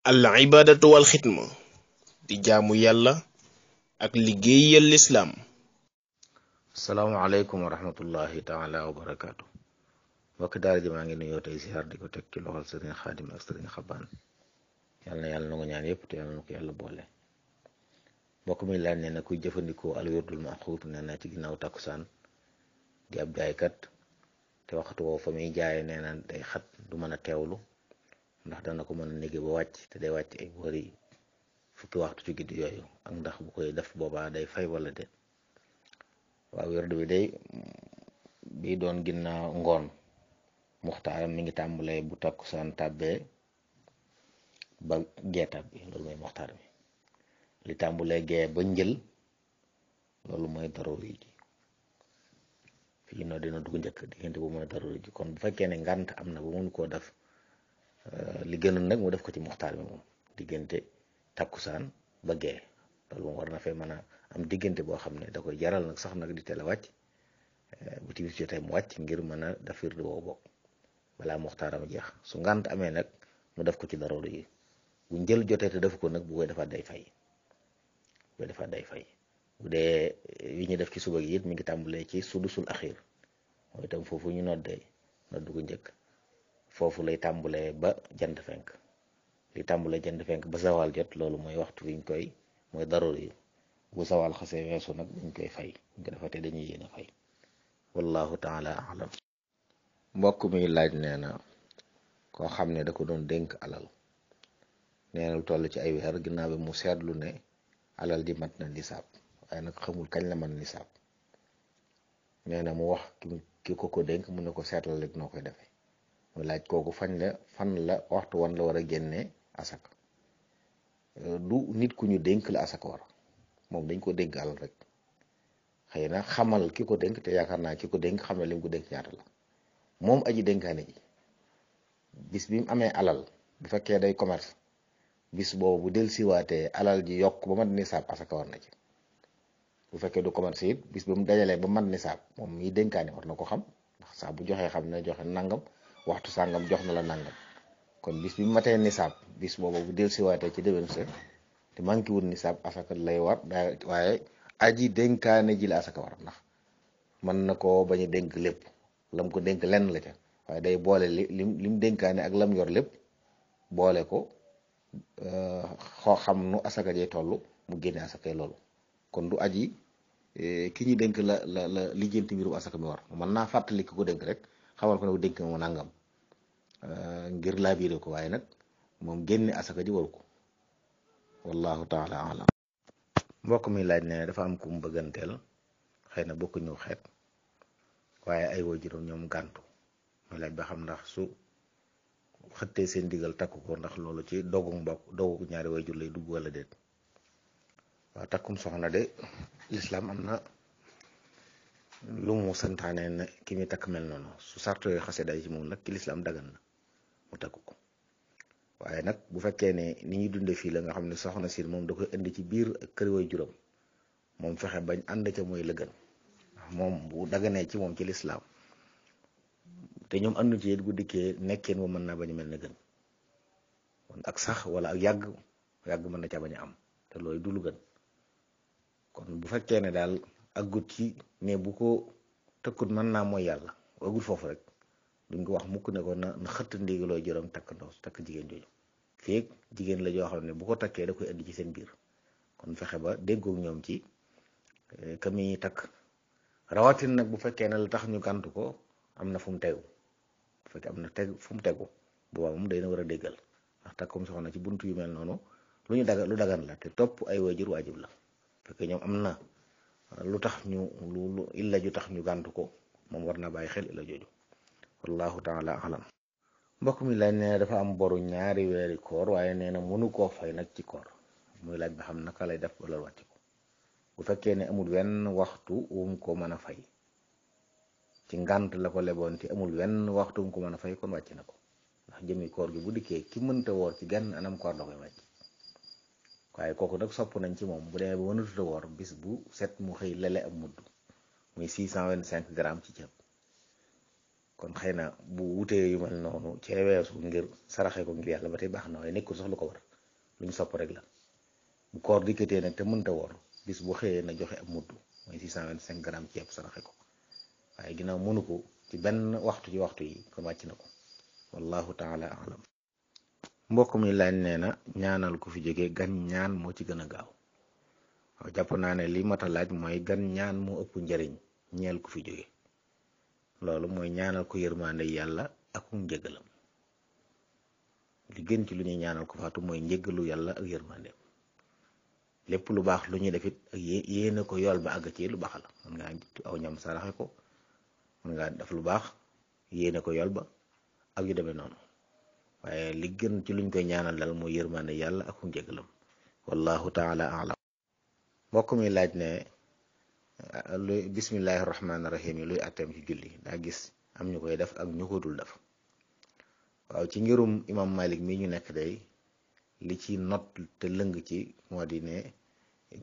al ibadatu wal xidma di jaamu yàlla ak liggéey liggéeyal lislaam salaamaaleykum wa rahmatullahi taala wa barakaatu mbokki daara ji maa ngi nuyoo tey ziar di ko teg ci loxol sëriñ xaadim ak sëriñ xabaan yal na yàlla ñaan yëpp te yal na yàlla boole mbokk mi laaj nee kuy jëfandikoo al wirdul maxuut nee na ci ginnaaw takkusaan di ab jaaykat te waxtu woo fa muy jaay nee xat du mën a teewlu ndax dana ko mën a néegi ba wàcc te day wàcc ay boori fukki waxtu ci guddi yooyu ak ndax bu koy def boobaa day fay wala de waaw werdu bi day bi doon ginnaaw ngoon muxtaaram mi ngi tàmbalee bu takkusaan tàbbee ba gee tàbbi li tàmbalee gee ba njël loolu mooy daruri ji fii noo dina dugg njëkk diggante bu mooy daruri ji kon bu fekkee ne ngant am na ba mun koo def Euh, li gënoon nag mu def ko ci muxtaar bi moom diggante takkusaan ba gee loolu moom war na fee mën a am diggante boo xam ne da koy jaral nag sax nag di teel a wàcc euh, bu timis jotee mu wàcc ngir mën a dafir woo bokk balaa muxtaaram jeex su ngànt amee nag mu def ko ci daroolu yi bu njël jotee te def ko nag bu koy defaat day fay bu koy defaat day fay bu dee euh, yi ñu def ci suba gi it mi ngi tàmbalee ci sudusul axiir mooy itam foofu ñu noddee noddu ko njëkk foofu lay tàmbule ba jant fenk li tàmbalee jant ba zawal jot loolu mooy waxtu wiñ koy mooy daruri bu zawal xasee weesu nag dañ koy fay nga defate dañuy yéene fay wallahu taala alam mbokk mi laaj nee na koo xam ne da ko doon dénk alal nee na lu toll ci ay weer ginnaaw mu seetlu ne alal di mat na nisaab waaye nag xamul kañ la man nisaab nee na mu wax ki ko ko dënk mu ne ko seetal rek noo koy defee mu laaj kooku fañ la fan la waxtu wan la war a génne asak euh, du nit ku ñu dénk la asak wara moom dañ ko dénk alal rek xëy na xamal ki ko dënk te yaakaar naa ki ko dénk xam na li mu ko dénk ñaata la moom aji dénkaane ji bis bi amee alal bu fekkee day commerce bis boobu bu siwaatee alal ji yokk ba mat nisaab asaka war na ci bu fekkee du commerce it bis ba mu dajalee ba mat nisaab moom miy dénkaane war na ko xam ndax saa bu joxee xam ne joxe nangam waxtu sàngam jox na la nangam kon bis bi matee nisaab bis boobu bu del siwaatee ci déwén sa te manqué wul nisaab asaka lay war daa waaye aji dénkaane ji la asaka war ndax mën na ko bañ a dénk lépp lam ko dénk lenn la ca waaye day boole li lim lim dénkaane ak lam yor lépp boole ko euh, xoo xam nu asaka jay toll mu génne asaka loolu kon du aji eh, ki ñu dënk la la la lijjanti mbirum asaka mi war mën naa fàttali ki ko dénk rek xamal ko ne bu dénk ma nangam euh, ngir laabiire ko waaye nag moom génne asaka ji waru ko wallahu taala alam mbokk mi laaj ne dafa am ku mu bëgganteel xëy na bokku ñëw xeet waaye ay waajuram ñoom gàntu muy laaj ba xam ndax su xëttee seen digal takku ko ndax loolu ci dogu mbokk dogu ñaari waajur lay dugg wala déet waaw takkum soxna de lislaam am na lu mu santaane ne ki muy takk mel noonu su sarto yooyu xasee day ci moom nag ci lislaam dagan na mu takk ko waaye nag bu fekkee ne ni ñuy dunde fii la nga xam ne soxna si moom da koy indi ci biir kër way juróom moom fexe bañ ànd ca mooy lëgën moom bu daganee ci moom ci lislaam te ñoom àndu ci it bu dikkee nekkeen wa mën naa bañ mel na gën kon ak sax wala ak yàgg yàgg mën na ca bañ a am te loolu du lu gën kon bu fekkee ne daal aggut ci ne bu ko tëkkut mën naa mooy yàlla agul foofu rek duñ ko wax mukk ne ko na na xëtt looy joroom takk su takk jigéen jooju feeg jigéen la joo xam ne bu ko takkee da koy indi ci seen biir kon fexe ba déggoog ñoom ci eh, ka mi takk rawatin nag bu fekkee ne la tax ñu gàntu ko am na fu mu tegu bu fekkee am na teg fu mu tegu boobaa moom day na war a déggal ndax takkum soxna ci buntu yu mel noonu lu ñu daga lu dagan la te topp ay waajur waajib la lu tax ñu lu lu illa ju tax ñu gàntu ko moom war na bàyyi xel illa jooju wallahu taala alam mbokk mi laaj nee na dafa am boru ñaari weeri koor waaye nee na mënu koo fay nag ci koor muy laaj ba xam naka lay def wala wàcc ko bu fekkee ne amul wenn waxtu wum ko mën a fay ci ngànt la ko leboon te amul wenn waxtu wum ko a fay kon wàcc na ko ndax jëmi koor gi bu dikkee ki mënta woor ci genn anam koor da koy wàcc waaye kooku nag sopp nañ ci moom bu demee ba mënatuta woor bis bu set mu xëy lele ab mudd muy grammes ci ceeb kon xëy na bu wutee yu mel noonu cee weesu ngir saraxe ko ngir yàlla ba tey baax na waaye nekkul sax lu ko war lu ñu sopp rek la bu koor dikkatee nag te mënta woor bis bu xëyee na joxe ab mudd mooy 625 grammes ceeb saraxe ko waaye ginnaaw mënu ko ci benn waxtu ci waxtu yi kon wàcc na ko wallahu taala alam mbokk mi laaj nee na ñaanal ku fi jóge gan ñaan moo ci gën a gaaw waaw jàpp naa ne lii mat laaj mooy gan ñaan moo ëpp njariñ ñeel ku fi jóge loolu mooy ñaanal ko yërmande yàlla ak njëgalam li gën ci lu ñuy ñaanal ko faatu mooy njëgalu yalla ak yërmandeem lépp lu baax lu ñuy def it ak ko yool ba àgg ci lu baax la mën ngaa aw ñam saraxe ko mën ngaa def lu baax yéene ko yool ba ak yu demee noonu waaye li gën ci luñ koy ñaanal dal mooy yërmaande yàlla ak njëgalam wallahu taala alam mbokk mi laaj ne ah, luy bismillahi rahmaani rahim yi luy atteem ci julli daa gis am ñu koy def ak ñu kootul def waaw ci ngirum imam malik mi ñu nekk day li ci not te lëng ci moo di ne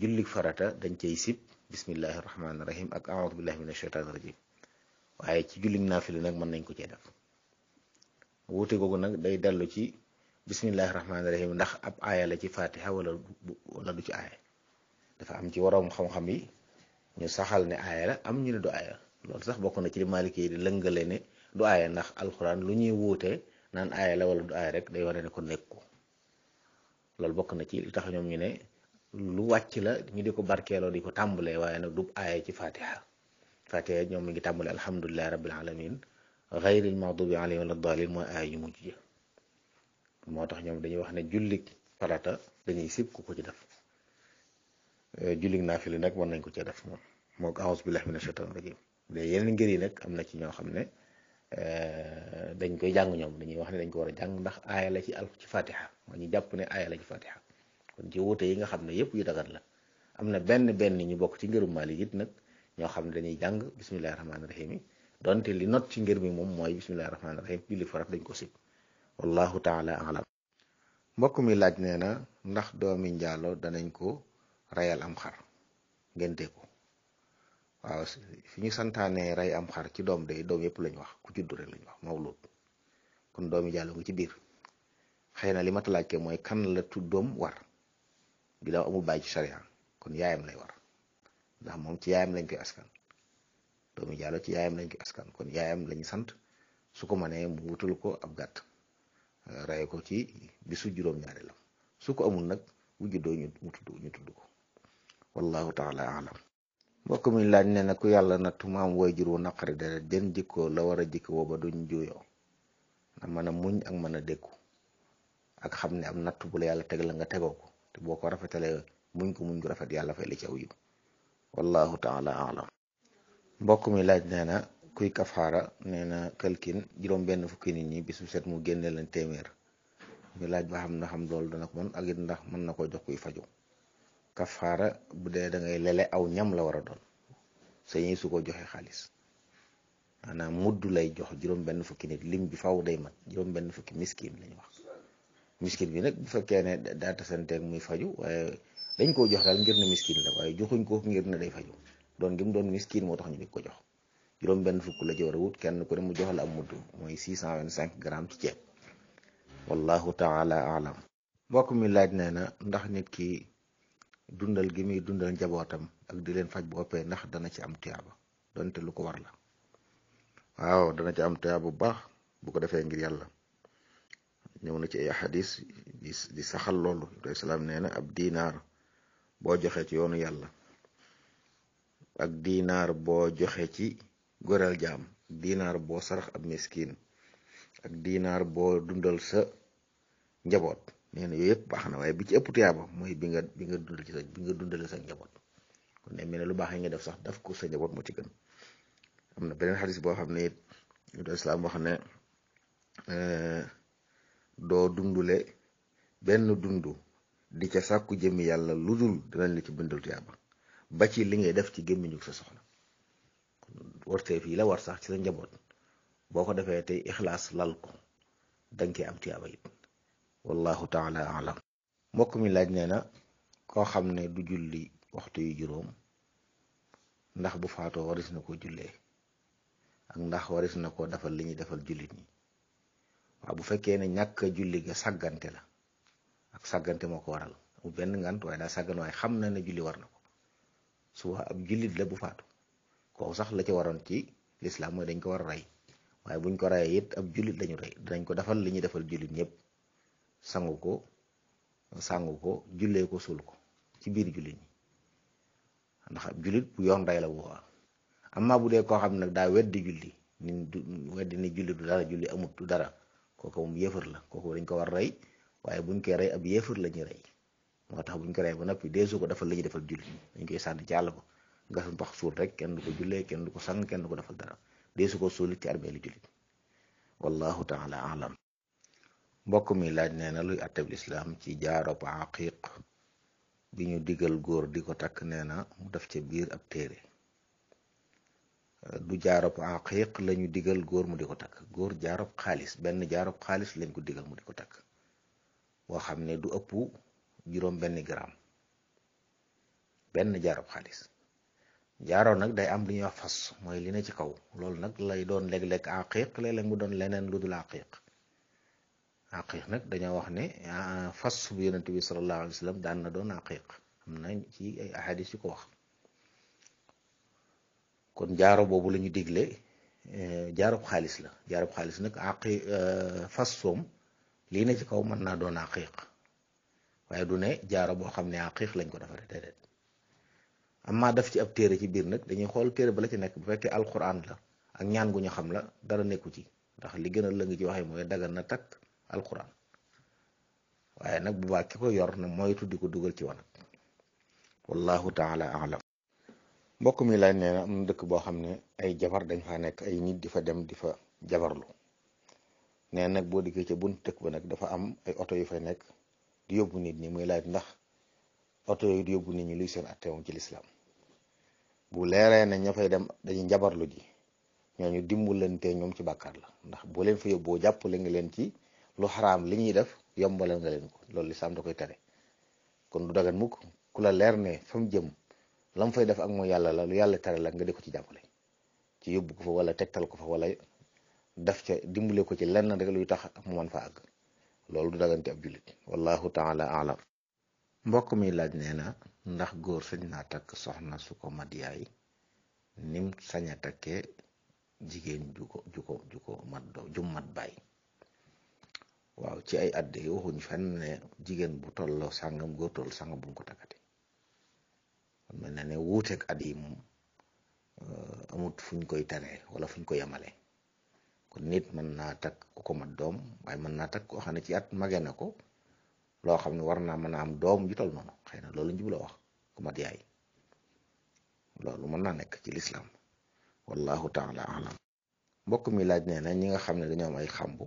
jullik farata dañ cay sib bismillahi rahmaani rahim ak aoudu billahi min ashaytaani rajim waaye ci jullik naafili nag mën nañ ko cee def wuute googu nag day dellu ci bismillahi rahmaani rahim ndax ab aaya la ci fatiha wala wala du ci aaya dafa am ci waroom xam-xam yi ñu saxal ne aaya am ñu ne du aaya loolu sax bokk na ci li maaliki yi di lëngale ne du aaya ndax alxuraan lu ñuy wuute naan aaya la wala du aaya rek day wane ne ko nekku loolu bokk na ci li tax ñoom ñu ne lu wàcc la ñu di ko barkeeloo di ko tàmbalee waaye nag du aaya ci fatiha fatiha ñoom mi ngi tàmbalee alhamdulillahi rabbil alamin xayril maxdubi alayhim wala daalin mooy aay yu mujj moo tax ñoom dañuy wax ne jullik farata dañuy sib ku ko ci def eh, jullik naafila nag mën nañ ko cee def moom moog aawus billahi mina shaytaan rajim de yeneen ngër yi nag am na ci ñoo xam ne eh, dañ koy jàng ñoom dañuy wax ne dañ ko war a jàng ndax aaya la ci al ci fatiha moo ñu jàpp ne aaya la ci fatiha kon ci wuute yi nga xam ne yëpp yu dagan la am na benn benn ñu bokk ci ngërum Maalik it nag ñoo xam ne dañuy jàng bismillahi rahmaani rahim donte li not ci ngir mi moom mooy bismillahi rahmaani rahim julli farat dañ ko sib wallahu taala alam mbokk mi laaj nee na ndax doomi njaalo danañ ko rayal am xar ngénte ko waaw fi ñu santaanee rey am xar ci doom de doom yëpp lañ wax ku juddu rek lañ wax mawlud kon doomi njaalo nga ci biir xëy na li ma laaj ke mooy kan la tuddoom war ginnaaw amul bàyyi ci sharia kon yaayam lay war ndax moom ci yaayam lañ koy askan doomu Diallo ci yaayam lañ ko askan kon yaayam lañu sant su ko mënee mu wutal ko ab gàtt euh, raye ko ci bisu juróom-ñaareelam su ko amul nag bu juddoo ñu mu tudd ñu tudd ko wallahu taala alam mbokk mi laaj ne na ku yàlla na tumaam wayjur wu naqari dara den jikkoo la war a woo ba duñ juyoo na mën a muñ ak mën a dékku ak xam ne am natt bul la yàlla teg la nga tegoo ko te boo ko rafetalee muñ ko muñ ko rafet yàlla fay li ci aw yiw wallahu taala alam mbokk mi laaj nee na kuy kafaara nee na kalkin juróom benn fukki nit ñi bis bu set mu génne leen téeméer mi laaj ba xam na xam loolu dana ko mën ak it ndax mën na ko jox kuy faju kafaara bu dee da ngay lele aw ñam la war a doon sañuy su ko joxe xaalis maanaam mudd lay jox juróom benn fukki nit lim bi faw day mat juróom benn fukki miskin lañu wax miskin bi nag bu fekkee ne daa tasanteeg muy faju waaye dañ koo jox daal ngir ne miskin la waaye joxuñ ko ngir ne day faju doon gi mu doon miskiin moo tax ñu di ko jox juróom benn fukk la ci a wut kenn ku ne mu jox la am mudd mooy 625 grammes ci ceeb wallahu taala alam mbokk mi laaj nee na ndax nit ki dundal gi muy dundal njabootam ak di leen faj bu ëppee ndax dana ci am tuyaaba donte lu ko war la waaw dana ci am tuyaaba bu baax bu ko defee ngir yàlla ñëw na ci ay xadis di saxal loolu salaam nee na ab diinaar boo joxe ci yoonu yàlla ak dinaar boo joxe ci goreel jaam dinaar boo sarax ab miskin ak dinaar boo dundal sa njaboot nee na yëpp baax na waaye bi ci ëpp tuyaaba mooy bi nga bi nga dundal ci sa bi dundale sa njaboot kon ne mel ne lu baax nga def sax daf ko sa njaboot moo ci gën am na beneen xadis boo xam ne it yudal islaam wax ne eh, doo dundule benn dundu di ca sàkku jëmi yàlla lu dul dinañ la ci bindal tuyaaba ba ci li ngay def ci gémmiñu sa soxna warteef fii la war sax ci sa njaboot boo ko defee tey ixlaas lal ko dang cee am tiyaaba it wallahu taala alam mbokk mi laaj nee na koo xam ne du julli waxtu yu juróom ndax bu faatoo waris na ko jullee ak ndax waris na ko defal li ñuy defal jullit ñi waaw bu fekkee ne ñàkk julli ga sàggante la ak sàggante moo ko waral mu benn ngant waaye daa sàggan waaye xam na ne julli war na ko suba ab jullit la bu faatu kooku sax la ci waroon ci lislaam mooy dañ ko war a rey waaye buñ ko reyee it ab jullit lañu rey dinañ ko defal li ñuy defal jullit ñëpp sangu ko sangu ko jullee ko suul ko ci biir jullit ñi ndax ab jullit bu yoon rey la bu waa amma bu dee koo xam ne daa weddi julli ni du weddi ni julli du dara julli amut du dara kooku moom yéefar la kooku dañ ko war a rey waaye buñ koy rey ab yéefar la ñuy rey moo tax buñ ko rey ba noppi deesu ko defal la defal jullit ñi dañ koy sànni ci àll ba gas ndox suul rek kenn du ko jullee kenn du ko sang kenn du ko defal dara deesu ko suulit ci armeelu jullit wallahu taala alam mbokk mi laaj nee na luy atteb lislaam ci jaarop aqiq bi ñu digal góor di ko takk nee na mu def ca biir ab téere du jaarop aqiq la ñu digal góor mu di ko takk góor jaarop xaalis benn jaarop xaalis lañ ko digal mu di ko takk boo xam ne du ëpp juróom benn gram benn jaarub xaalis jaaroo nag day am lu ñuy wax fas mooy li na ci kaw loolu nag lay doon léeg-léeg aqiq léeg-léeg mu doon leneen lu dul aqiq aqiq nag dañoo wax ne ah, fas bu yonent bi sallallahu alayhi wa sallam daan na doon a aqiq am na ci ay ahadis yu ko wax kon jaaro boobu la ñu digle eh, jaarub xaalis la jaarub xaalis nag aqi eh, fas soom lii ne ci kaw mën naa doon aqiq waaye du ne jaaro boo xam ne aqiq lañ ko defaree am amma def ci ab téere ci biir nag dañuy xool téere ba la ci nekk bu fekkee alquran la ak ñaan gu xam la dara nekku ci ndax li gën a lëng waxee mooy dagan na takk alquran waaye nag bu baax ki ko yor na moytu di ko dugal ci wanag wallahu taala alam mbokk mi laaj nee na am na dëkk boo xam ne ay jabar dañ faa nekk ay nit di fa dem di fa jabarlu nee nag boo dikkee ci bunt dëkk ba nag dafa am ay oto yu fa nekk di yóbbu nit ñi muy laaj ndax oto yooyu di yóbbu nit ñi luy seen atteewum ci lislaam bu leeree na ñoo fay dem dañuy njabarlu ji ñooñu dimbalante ñoom ci bàkkaar la ndax boo leen fa yóbboo jàppale nga leen ci lu xaraam li ñuy def yombalal nga leen ko loolu lislaam da koy tere kon du dagan mukk ku la leer ne fa jëm lam fay def ak mooy yàlla la lu yàlla tere la nga di ko ci jàppale ci yóbbu ko fa wala tegtal ko fa wala def ca dimbale ko ci lenn rek luy tax mu mën fa àgg loolu du dagan ci ab jullit wallahu taala alam mbokk mi laaj nee na ndax góor sañ naa takk soxna su ko mat yaay nim sañ a jigéen ju ko ju ko baay waaw ci ay adde waxuñ fenn ne jigéen bu tolloo sàngam góor toll sàngam bu mu ko takkati mel na ne wuuteeg at yi moom euh, amut fuñ koy tanee wala fuñ ko yemale kon nit mën naa takk ku ko mat doom waaye mën naa tak ko xam ne ci at mage na ko loo xam ne war naa mën a am doom ju tol xëy na loolu njub wax ku mat yaay loolu mën naa nekk ci lislaam wallahu taala alam mbokk mi laaj nee na ñi nga xam ne dañoo am ay xambu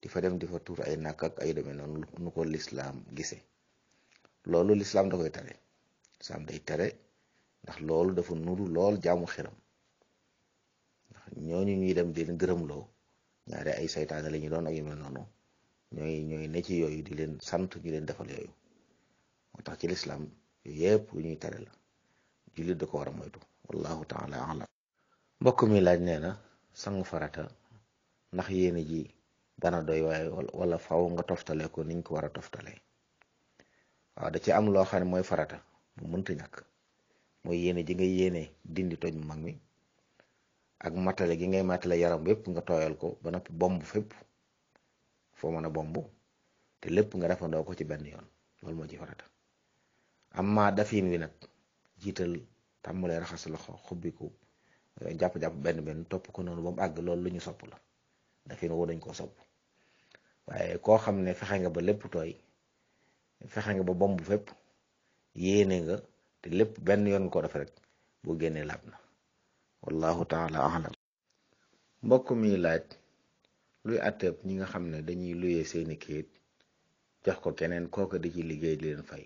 di fa dem difa fa ay nàkk ak ay demee noonu nu ko lislaam gise loolu lislaam da koy tere lislaam day tere ndax loolu dafa nuru lool jaamu xiram ñooñu ñuy dem di leen gërëmloo ñaare ay saytaane la ñu doon ak yu mel noonu ñooy ñooy ne ci yooyu di leen sant ñu leen defal yooyu moo tax ci lislaam yooyu yëpp lu ñuy tere la jullit da ko war a moytu wallahu taala alam mbokk mi laaj nee na sangu farata ndax yéene ji dana doy waaye wala faw nga toftale ko niñ ko war a toftale waaw da ci am loo xam ne mooy farata bu mënta ñàkk mooy yéene ji nga yéene dindi toj mu mag mi ak matale gi ngay matale yaram yépp nga tooyal ko ba noppi bomb fépp foo mën a bomb te lépp nga defandoo ko ci benn yoon loolu moo ci farata amma dafin wi nag jiital tàmbalee raxas loxo xubbiku eh, jàpp-jàpp benn benn topp ko noonu ba mu àgg loolu lu ñu sopp la dafin woo dañ koo sopp waaye koo xam ne fexe nga ba lépp tooy fexe nga ba bomb fépp yéene nga te lépp benn yoon ko def rek boo génnee laab na wallahu taala alam mbokk mi laaj luy àtteeb ñi nga xam ne dañuy luyee seeni kayit jox ko keneen kooka di ci liggéey di leen fay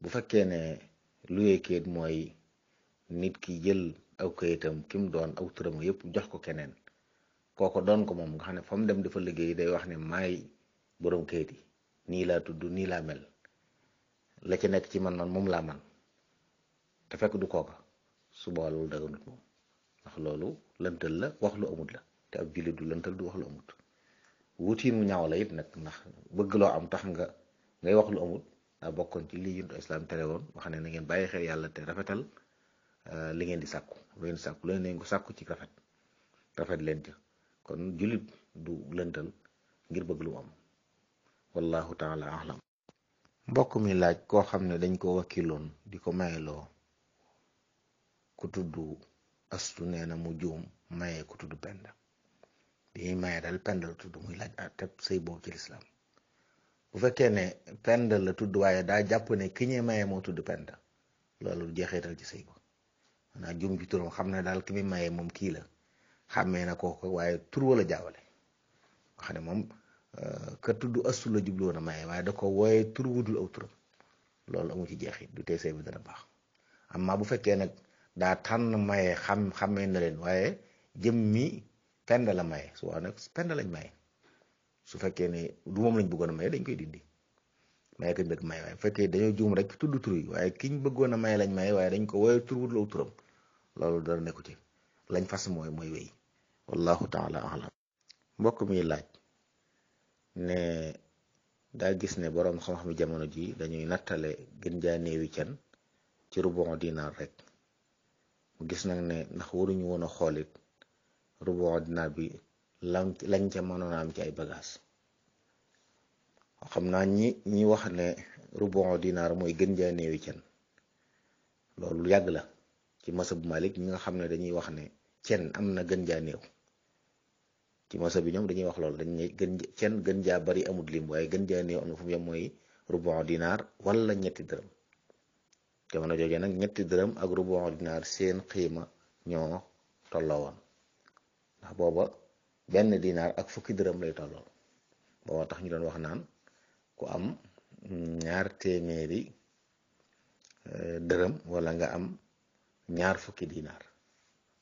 bu fekkee ne luyee kayit mooy nit ki jël aw kayitam ki mu doon aw turam yëpp jox ko keneen kooko doon ko moom nga xam ne fa mu dem dafa liggéey day wax ne maay boroom kayit yi nii laa tudd nii laa mel la ci nekk ci man moom laa man te fekk du kooka subaa loolu daganut moom ndax loolu lëntal la wax lu amut la te ab julit du lëntal du wax lu amut wuti mu ñaaw la it nag ndax bëgg loo am tax nga ngay wax lu amut daa bokkoon ci li yuntu islam tere woon wax ne na ngeen bàyyi xel yàlla te rafetal euh, li ngeen di sàkku lu ngeen di sàkku ko sàkku ci rafet rafet leen ca kon julit du lëntal ngir bëgg lu am wallahu taala alam mbokk mi laaj koo xam ne dañ ko wakkiloon di ko mayeloo ku tudd astu nee na mu juum maye ku tudd penda bi ñuy maye daal penda la tudd muy laaj àtte ah, sëy boobu ci lislaam bu fekkee ne penda la tudd waaye daal jàpp ne ki ñuy maye loolu jeexital ci sëy ba maanaam juum ci ne daal ki muy moom kii la xàmmee na ko waaye tur wala jaawale nga ne moom euh, ka tudd astu la jublu woon a waaye da ko wooye tur wudul aw turam loolu amu ci jeexit du tee sëy bi dana baax amma bu fekkee nag daa tànn maye xam xamee na leen waaye jëm mi pend la maye su waaw nag pend lañ maye su fekkee ne du moom lañ bëggoon maye dañ koy dindi maye kañ bëgg maye waaye fekkee dañoo juum rek tudd tur yi waaye kiñ bëggoon a maye lañ maye waaye dañ ko woyee tur wutlaw turam loolu dara nekku ci lañ fas mooy mooy wéy wallahu taala alam mbokk mi laaj ne daa gis ne boroom xam-xam jamono ji dañuy nattale gën jaa néewi can ci rubon dinaar rek gis nag ne ndax waruñu woon a xoolit rubu ordinaire bi lam lañ ca mënoon am ci ay bagages xam naa ñi ñi wax ne rubon dinaar mooy gën jaa néewi cen loolu yàgg la ci bu Malik ñi nga xam ne dañuy wax ne cen am na gën jaa néew ci masab bi ñoom dañuy wax loolu dañ gën cen gën jaa bari amut lim waaye gën jaa néew am na fu mu yem mooy rubon dinaar wala ñetti dërëm jamono jooje nag ñetti dërëm ak rubu dinaar seen xiima ñoo tolloo woon ndax booba benn dinaar ak fukki dërëm lay tolloo booba tax ñu doon wax naan ku am ñaar téeméeri eh, dërëm wala nga am ñaar fukki dinaar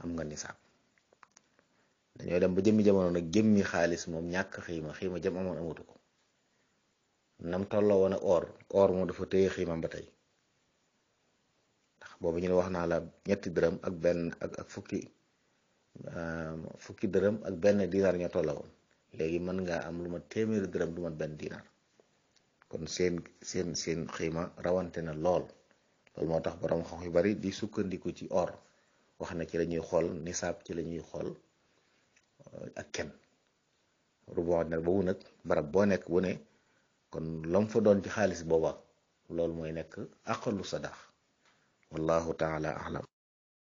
am nga nisaab dañoo dem ba jëmmi jamono nag jëmmi xaalis moom ñàkk xiima xiima jëm amoon amatu ko nam tolloo woon a or or moo dafa téye xiimam ba tey boobu ñu ne wax naa la ñetti dërëm ak benn ak fukki euh, fukki dërëm ak benn dinaar ñoo tollawoon léegi mën ngaa am lu ma téeméeri dërëm du benn dinaar kon seen seen seen xiima rawante na lool loolu moo tax borom xam yu bari di sukkandiku ci or wax na ci lañuy ñuy xool nisaab ci la ñuy xool euh, ak kenn rubon nag boobu nag barab boo nekk bu ne kon lom fa doon ci xaalis booba loolu mooy nekk aqalu sadaax wallahu taala alam